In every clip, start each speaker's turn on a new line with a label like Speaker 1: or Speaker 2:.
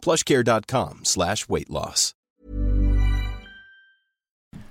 Speaker 1: plushcare.com/slash/weightloss。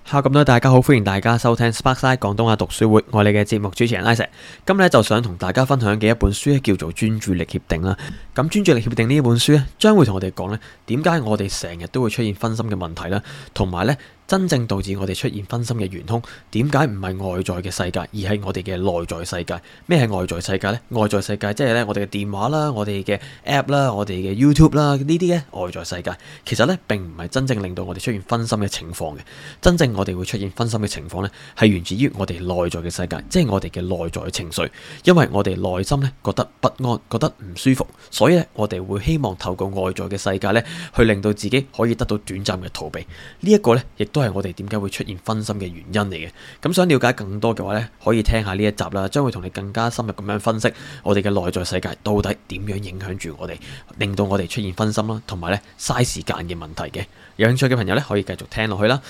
Speaker 1: 好，咁多大家好，歡迎大家收聽 Sparkside 廣東話讀書會，我哋嘅節目主持人 Isaac 今日就想同大家分享嘅一本書叫做《專注力協定》啦。咁《專注力協定》呢本書咧，將會同我哋講咧，點解我哋成日都會出現分心嘅問題啦，同埋咧。真正導致我哋出現分心嘅元凶，點解唔係外在嘅世界，而係我哋嘅內在世界？咩係外在世界呢？外在世界即係咧我哋嘅電話啦、我哋嘅 App 啦、我哋嘅 YouTube 啦呢啲咧外在世界。其實咧並唔係真正令到我哋出現分心嘅情況嘅。真正我哋會出現分心嘅情況咧，係源自於我哋內在嘅世界，即係我哋嘅內在情緒。因為我哋內心咧覺得不安、覺得唔舒服，所以咧我哋會希望透過外在嘅世界咧去令到自己可以得到短暫嘅逃避。這個、呢一個咧亦都。都係我哋點解會出現分心嘅原因嚟嘅。咁想了解更多嘅話呢，可以聽下呢一集啦，將會同你更加深入咁樣分析我哋嘅內在世界到底點樣影響住我哋，令到我哋出現分心啦，同埋呢嘥時間嘅問題嘅。有興趣嘅朋友呢，可以繼續聽落去啦。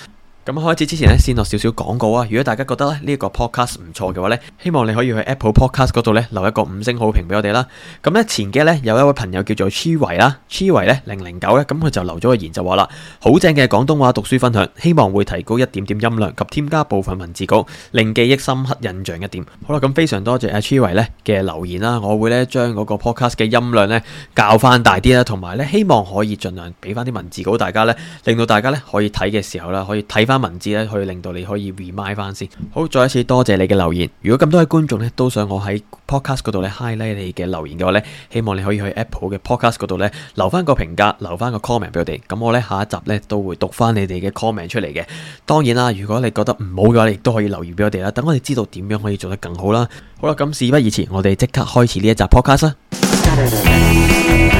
Speaker 1: 咁開始之前呢，先落少少廣告啊！如果大家覺得呢個 podcast 唔錯嘅話呢，希望你可以去 Apple Podcast 嗰度呢，留一個五星好評俾我哋啦。咁呢，前幾日有一位朋友叫做 Chewy 啦，Chewy 呢零零九咁佢就留咗個言就話啦，好正嘅廣東話讀書分享，希望會提高一點點音量及添加部分文字稿，令記憶深刻印象一點。好啦，咁非常多謝阿 Chewy 嘅留言啦，我會呢將嗰個 podcast 嘅音量呢較翻大啲啦，同埋呢希望可以盡量俾翻啲文字稿大家呢，令到大家呢可以睇嘅時候啦，可以睇翻。文字咧，可以令到你可以 remind 翻先。好，再一次多謝你嘅留言。如果咁多位觀眾咧都想我喺 podcast 嗰度咧 highlight 你嘅留言嘅話咧，希望你可以去 Apple 嘅 podcast 嗰度咧留翻個評價，留翻個 comment 俾我哋。咁我咧下一集咧都會讀翻你哋嘅 comment 出嚟嘅。當然啦，如果你覺得唔好嘅話，亦都可以留言俾我哋啦。等我哋知道點樣可以做得更好啦。好啦，咁事不宜遲，我哋即刻開始呢一集 podcast 啦。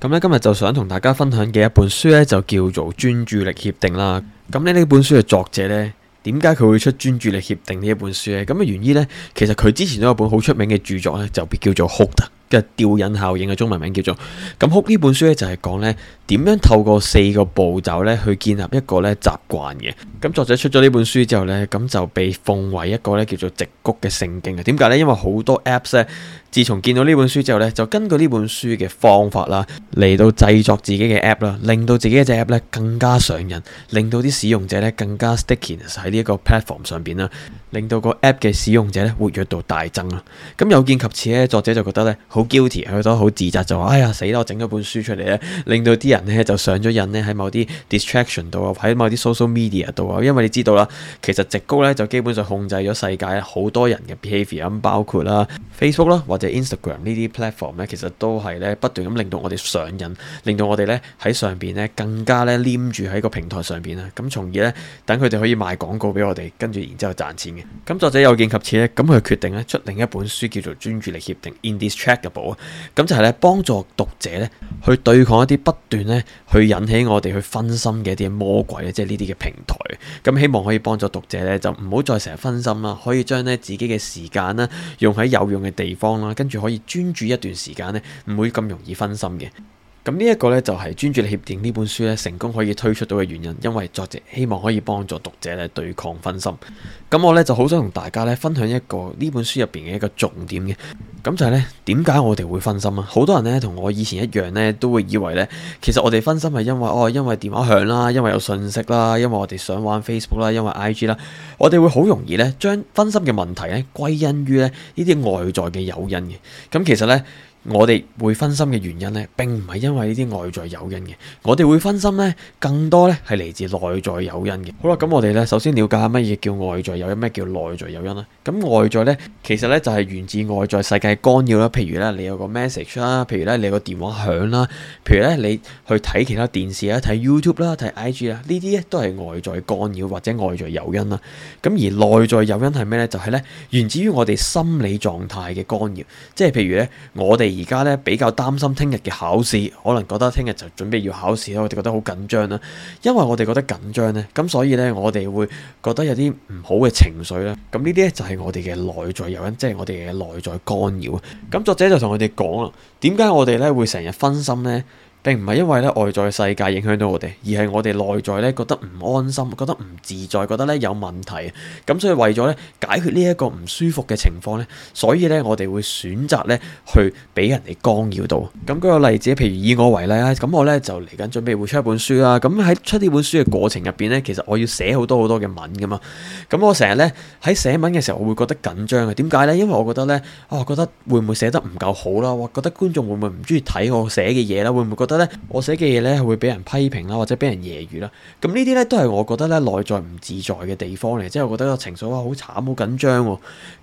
Speaker 1: 咁咧，今日就想同大家分享嘅一本書咧，就叫做《專注力協定》啦。咁呢呢本書嘅作者呢，點解佢會出《專注力協定》呢一本書呢，咁嘅原因呢，其實佢之前都有本好出名嘅著作呢，就叫做《Hook》嘅吊引效應嘅中文名叫做《咁 Hook》呢本書就呢，就係講呢點樣透過四個步驟呢去建立一個呢習慣嘅。咁作者出咗呢本書之後呢，咁就被奉為一個呢叫做直谷嘅聖經啊。點解呢？因為好多 Apps 呢。自從見到呢本書之後咧，就根據呢本書嘅方法啦，嚟到製作自己嘅 app 啦，令到自己一隻 app 咧更加上癮，令到啲使用者咧更加 sticky 喺呢一個 platform 上邊啦，令到個 app 嘅使用者咧活躍度大增啊！咁有見及此咧，作者就覺得咧好 guilty，佢都好自責，就話：哎呀死啦！我整咗本書出嚟咧，令到啲人咧就上咗癮咧，喺某啲 distraction 度啊，喺某啲 social media 度啊。因為你知道啦，其實直谷咧就基本上控制咗世界好多人嘅 behavior 咁包括啦 Facebook 啦就 Instagram 呢啲 platform 咧，其實都係咧不斷咁令到我哋上癮，令到我哋咧喺上邊咧更加咧黏住喺個平台上邊啊！咁從而咧等佢哋可以賣廣告俾我哋，跟住然之後賺錢嘅。咁作者有見及此咧，咁佢決定咧出另一本書叫做《專注力協定 In d h i s t r a c t a b l e 啊！咁就係咧幫助讀者咧去對抗一啲不斷咧去引起我哋去分心嘅一啲魔鬼啊！即係呢啲嘅平台。咁希望可以幫助讀者咧就唔好再成日分心啦，可以將咧自己嘅時間啦用喺有用嘅地方啦。跟住可以專注一段時間呢，唔會咁容易分心嘅。咁呢一個呢，就係專注力協定呢本書呢成功可以推出到嘅原因，因為作者希望可以幫助讀者呢對抗分心。咁我呢，就好想同大家呢分享一個呢本書入邊嘅一個重點嘅，咁就係呢點解我哋會分心啊？好多人呢，同我以前一樣呢，都會以為呢，其實我哋分心係因為哦，因為電話響啦，因為有信息啦，因為我哋想玩 Facebook 啦，因為 IG 啦，我哋會好容易呢，將分心嘅問題呢歸因於呢啲外在嘅誘因嘅。咁其實呢。我哋會分心嘅原因咧，並唔係因為呢啲外在誘因嘅，我哋會分心咧，更多咧係嚟自內在誘因嘅。好啦，咁我哋咧首先了解下乜嘢叫外在誘因，咩叫內在誘因啦。咁外在咧，其實咧就係源自外在世界干擾啦，譬如咧你有個 message 啦，譬如咧你個電話響啦，譬如咧你去睇其他電視啦、睇 YouTube 啦、睇 IG 啦，呢啲咧都係外在干擾或者外在誘因啦。咁而內在誘因係咩咧？就係咧源自於我哋心理狀態嘅干擾，即係譬如咧我哋。而家咧比較擔心聽日嘅考試，可能覺得聽日就準備要考試啦，我哋覺得好緊張啦。因為我哋覺得緊張呢，咁所以呢，我哋會覺得有啲唔好嘅情緒啦。咁呢啲呢，就係我哋嘅內在原因，即係我哋嘅內在干擾。咁作者就同我哋講啦，點解我哋呢會成日分心呢？並唔係因為咧外在世界影響到我哋，而係我哋內在咧覺得唔安心，覺得唔自在，覺得咧有問題，咁所以為咗咧解決呢一個唔舒服嘅情況咧，所以咧我哋會選擇咧去俾人哋干擾到。咁舉個例子，譬如以我為例啊，咁我咧就嚟緊準備會出一本書啦。咁喺出呢本書嘅過程入邊咧，其實我要寫好多好多嘅文噶嘛。咁我成日咧喺寫文嘅時候，我會覺得緊張啊。點解咧？因為我覺得咧，啊覺得會唔會寫得唔夠好啦？或覺得觀眾會唔會唔中意睇我寫嘅嘢啦？會唔會覺得？我寫嘅嘢咧會俾人批評啦，或者俾人揶揄啦。咁呢啲咧都係我覺得咧內在唔自在嘅地方嚟，即係我覺得個情緒啊好慘，好緊張。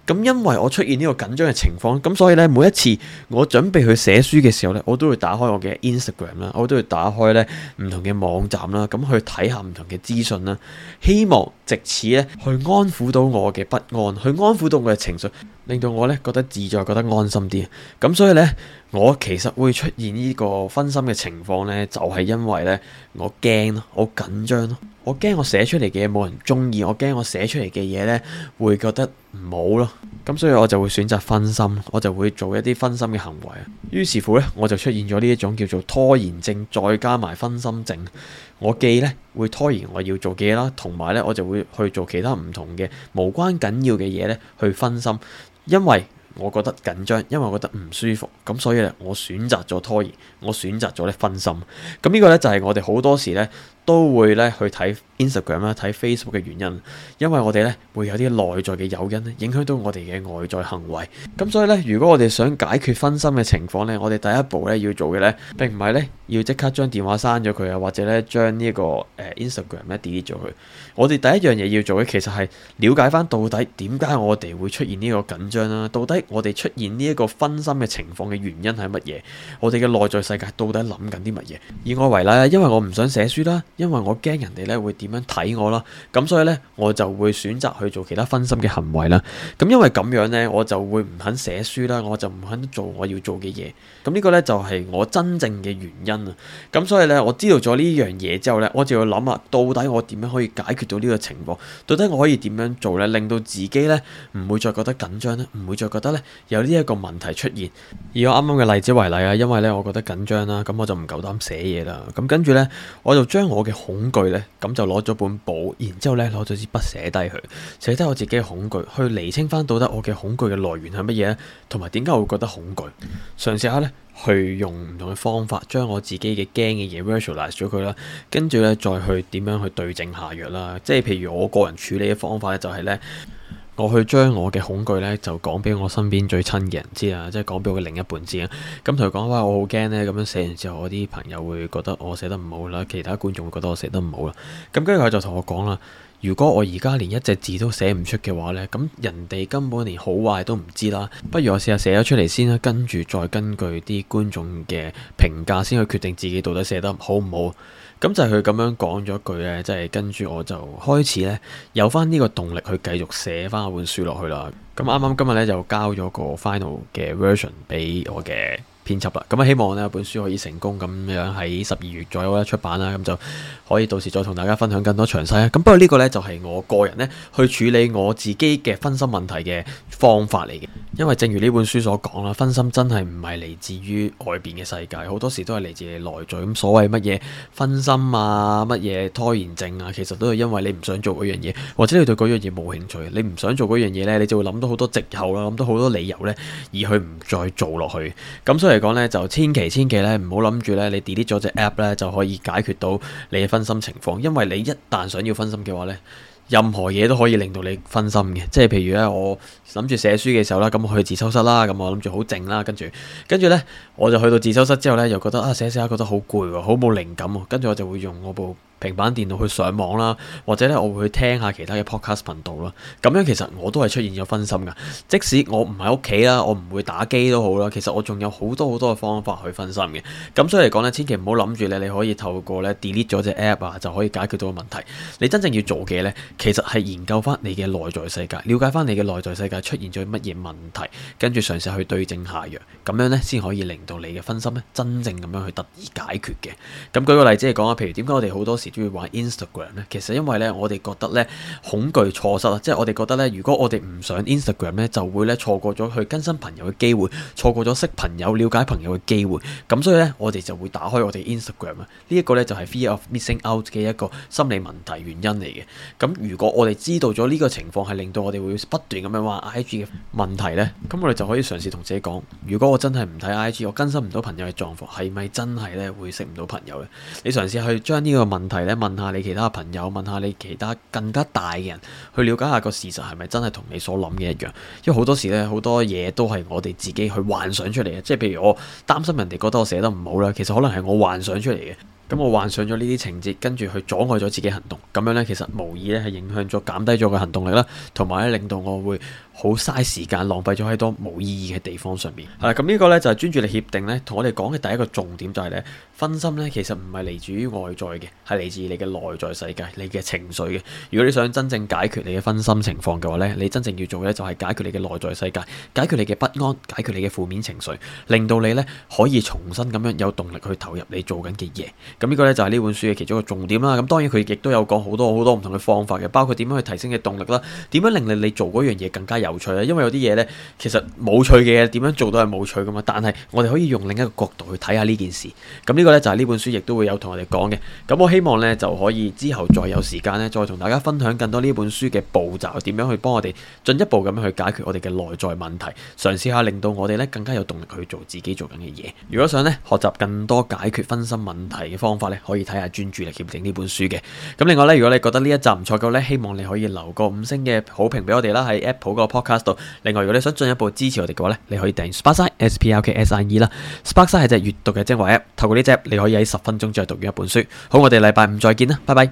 Speaker 1: 咁因為我出現呢個緊張嘅情況，咁所以咧每一次我準備去寫書嘅時候咧，我都會打開我嘅 Instagram 啦，我都會打開咧唔同嘅網站啦，咁去睇下唔同嘅資訊啦，希望藉此咧去安撫到我嘅不安，去安撫到我嘅情緒，令到我咧覺得自在，覺得安心啲。咁所以咧。我其實會出現呢個分心嘅情況呢，就係因為呢，我驚我緊張咯，我驚我寫出嚟嘅嘢冇人中意，我驚我寫出嚟嘅嘢呢會覺得唔好咯，咁所以我就會選擇分心，我就會做一啲分心嘅行為。於是乎呢，我就出現咗呢一種叫做拖延症，再加埋分心症。我記呢，會拖延我要做嘅嘢啦，同埋呢，我就會去做其他唔同嘅無關緊要嘅嘢呢去分心，因為。我覺得緊張，因為我覺得唔舒服，咁所以咧，我選擇咗拖延，我選擇咗咧分心，咁呢個咧就係、是、我哋好多時咧，都會咧去睇 Instagram 啦，睇 Facebook 嘅原因，因為我哋咧會有啲內在嘅誘因咧，影響到我哋嘅外在行為。咁所以咧，如果我哋想解決分心嘅情況咧，我哋第一步咧要做嘅咧，並唔係咧要即刻將電話刪咗佢啊，或者咧將呢一、這個、呃、Instagram 一 delete 咗佢。我哋第一樣嘢要做嘅，其實係了解翻到底點解我哋會出現呢個緊張啦，到底我哋出現呢一個分心嘅情況嘅原因係乜嘢？我哋嘅內在世界到底諗緊啲乜嘢？以我為例，因為我唔想寫書啦。因為我驚人哋咧會點樣睇我啦，咁所以呢，我就會選擇去做其他分心嘅行為啦。咁因為咁樣呢，我就會唔肯寫書啦，我就唔肯做我要做嘅嘢。咁呢個呢，就係我真正嘅原因啊。咁所以呢，我知道咗呢樣嘢之後呢，我就要諗下到底我點樣可以解決到呢個情況？到底我可以點樣做呢，令到自己呢唔會再覺得緊張呢，唔會再覺得呢有呢一個問題出現。以我啱啱嘅例子為例啊，因為呢，我覺得緊張啦，咁我就唔夠膽寫嘢啦。咁跟住呢，我就將我嘅恐懼呢，咁就攞咗本簿，然之後呢攞咗支筆寫低佢，寫低我自己嘅恐懼，去厘清翻到底我嘅恐懼嘅來源係乜嘢，同埋點解我會覺得恐懼，嗯、嘗試下呢，去用唔同嘅方法，將我自己嘅驚嘅嘢 visualize 咗佢啦，跟住呢，再去點樣去對症下藥啦，即係譬如我個人處理嘅方法呢，就係呢。我去將我嘅恐懼呢，就講俾我身邊最親嘅人知啊，即係講俾我嘅另一半知啊。咁同佢講話，我好驚呢。咁樣寫完之後，我啲朋友會覺得我寫得唔好啦，其他觀眾會覺得我寫得唔好啦。咁跟住佢就同我講啦：「如果我而家連一隻字都寫唔出嘅話呢，咁人哋根本連好壞都唔知啦。不如我試下寫咗出嚟先啦，跟住再根據啲觀眾嘅評價先去決定自己到底寫得好唔好。」咁就係佢咁樣講咗一句咧，即係跟住我就開始咧有翻呢個動力去繼續寫翻嗰本書落去啦。咁啱啱今日咧就交咗個 final 嘅 version 俾我嘅編輯啦，咁希望呢本書可以成功咁樣喺十二月左右咧出版啦，咁就可以到時再同大家分享更多詳細啊。咁不過呢個呢，就係我個人呢去處理我自己嘅分心問題嘅方法嚟嘅，因為正如呢本書所講啦，分心真係唔係嚟自於外邊嘅世界，好多時都係嚟自你內在。咁所謂乜嘢分心啊，乜嘢拖延症啊，其實都係因為你唔想做嗰樣嘢，或者你對嗰樣嘢冇興趣，你唔想做嗰樣嘢呢，你就會諗到好多藉口啦，諗到好多理由呢，而去唔再做落去。咁所以。講、就、咧、是、就千祈千祈咧唔好諗住咧你 delete 咗隻 app 咧就可以解決到你嘅分心情況，因為你一旦想要分心嘅話咧，任何嘢都可以令到你分心嘅，即係譬如咧，我諗住寫書嘅時候啦，咁去自修室啦，咁我諗住好靜啦，跟住跟住咧我就去到自修室之後咧，又覺得啊，寫寫下覺得好攰喎，好冇靈感喎，跟住我就會用我部。平板電腦去上網啦，或者咧我會去聽下其他嘅 Podcast 頻道啦。咁樣其實我都係出現咗分心噶。即使我唔喺屋企啦，我唔會打機都好啦。其實我仲有好多好多嘅方法去分心嘅。咁所以嚟講呢，千祈唔好諗住咧，你可以透過咧 delete 咗隻 app 啊，就可以解決到個問題。你真正要做嘅呢，其實係研究翻你嘅內在世界，了解翻你嘅內在世界出現咗乜嘢問題，跟住嘗試去對症下藥，咁樣呢，先可以令到你嘅分心呢，真正咁樣去得以解決嘅。咁舉個例子嚟講啊，譬如點解我哋好多時～中意玩 Instagram 咧，其實因為咧，我哋覺得咧恐懼錯失啊，即係我哋覺得咧，如果我哋唔上 Instagram 咧，就會咧錯過咗去更新朋友嘅機會，錯過咗識朋友、了解朋友嘅機會。咁所以咧，我哋就會打開我哋 Instagram 啊。這個、呢一個咧就係、是、Fear of Missing Out 嘅一個心理問題原因嚟嘅。咁如果我哋知道咗呢個情況係令到我哋會不斷咁樣玩 IG 嘅問題咧，咁我哋就可以嘗試同自己講：如果我真係唔睇 IG，我更新唔到朋友嘅狀況，係咪真係咧會識唔到朋友咧？你嘗試去將呢個問題。問問下你其他朋友，問下你其他更加大嘅人，去了解下個事實係咪真係同你所諗嘅一樣？因為好多時咧，好多嘢都係我哋自己去幻想出嚟嘅。即係譬如我擔心人哋覺得我寫得唔好啦，其實可能係我幻想出嚟嘅。咁我幻想咗呢啲情節，跟住去阻礙咗自己行動，咁樣呢，其實無意呢係影響咗減低咗個行動力啦，同埋呢令到我會好嘥時間，浪費咗喺多冇意義嘅地方上面。係啦，嗯，咁，啊，呢個呢，就係專注力協定呢，同我哋講嘅第一個重點就係呢：分心呢，其實唔係嚟自於外在嘅，係嚟自你嘅內在世界、你嘅情緒嘅。如果你想真正解決你嘅分心情況嘅話呢，你真正要做嘅就係解決你嘅內在世界，解決你嘅不安，解決你嘅負面情緒，令到你呢可以重新咁樣有動力去投入你做緊嘅嘢。咁呢個呢，就係呢本書嘅其中一個重點啦。咁當然佢亦都有講好多好多唔同嘅方法嘅，包括點樣去提升嘅動力啦，點樣令你做嗰樣嘢更加有趣咧。因為有啲嘢呢，其實冇趣嘅嘢，點樣做都係冇趣噶嘛。但係我哋可以用另一個角度去睇下呢件事。咁呢個呢，就係呢本書亦都會有同我哋講嘅。咁我希望呢，就可以之後再有時間呢，再同大家分享更多呢本書嘅步驟，點樣去幫我哋進一步咁樣去解決我哋嘅內在問題，嘗試下令到我哋呢更加有動力去做自己做緊嘅嘢。如果想呢，學習更多解決分心問題嘅，方法咧可以睇下《專注力協定》呢本書嘅。咁另外咧，如果你覺得呢一集唔錯嘅咧，希望你可以留個五星嘅好評俾我哋啦，喺 Apple 個 Podcast 度。另外，如果你想進一步支持我哋嘅話咧，你可以訂閱 Sparksine S P L K S I E 啦。Sparksine 係隻閱讀嘅精華 App，透過呢隻 App 你可以喺十分鐘之內讀完一本書。好，我哋禮拜五再見啦，拜拜。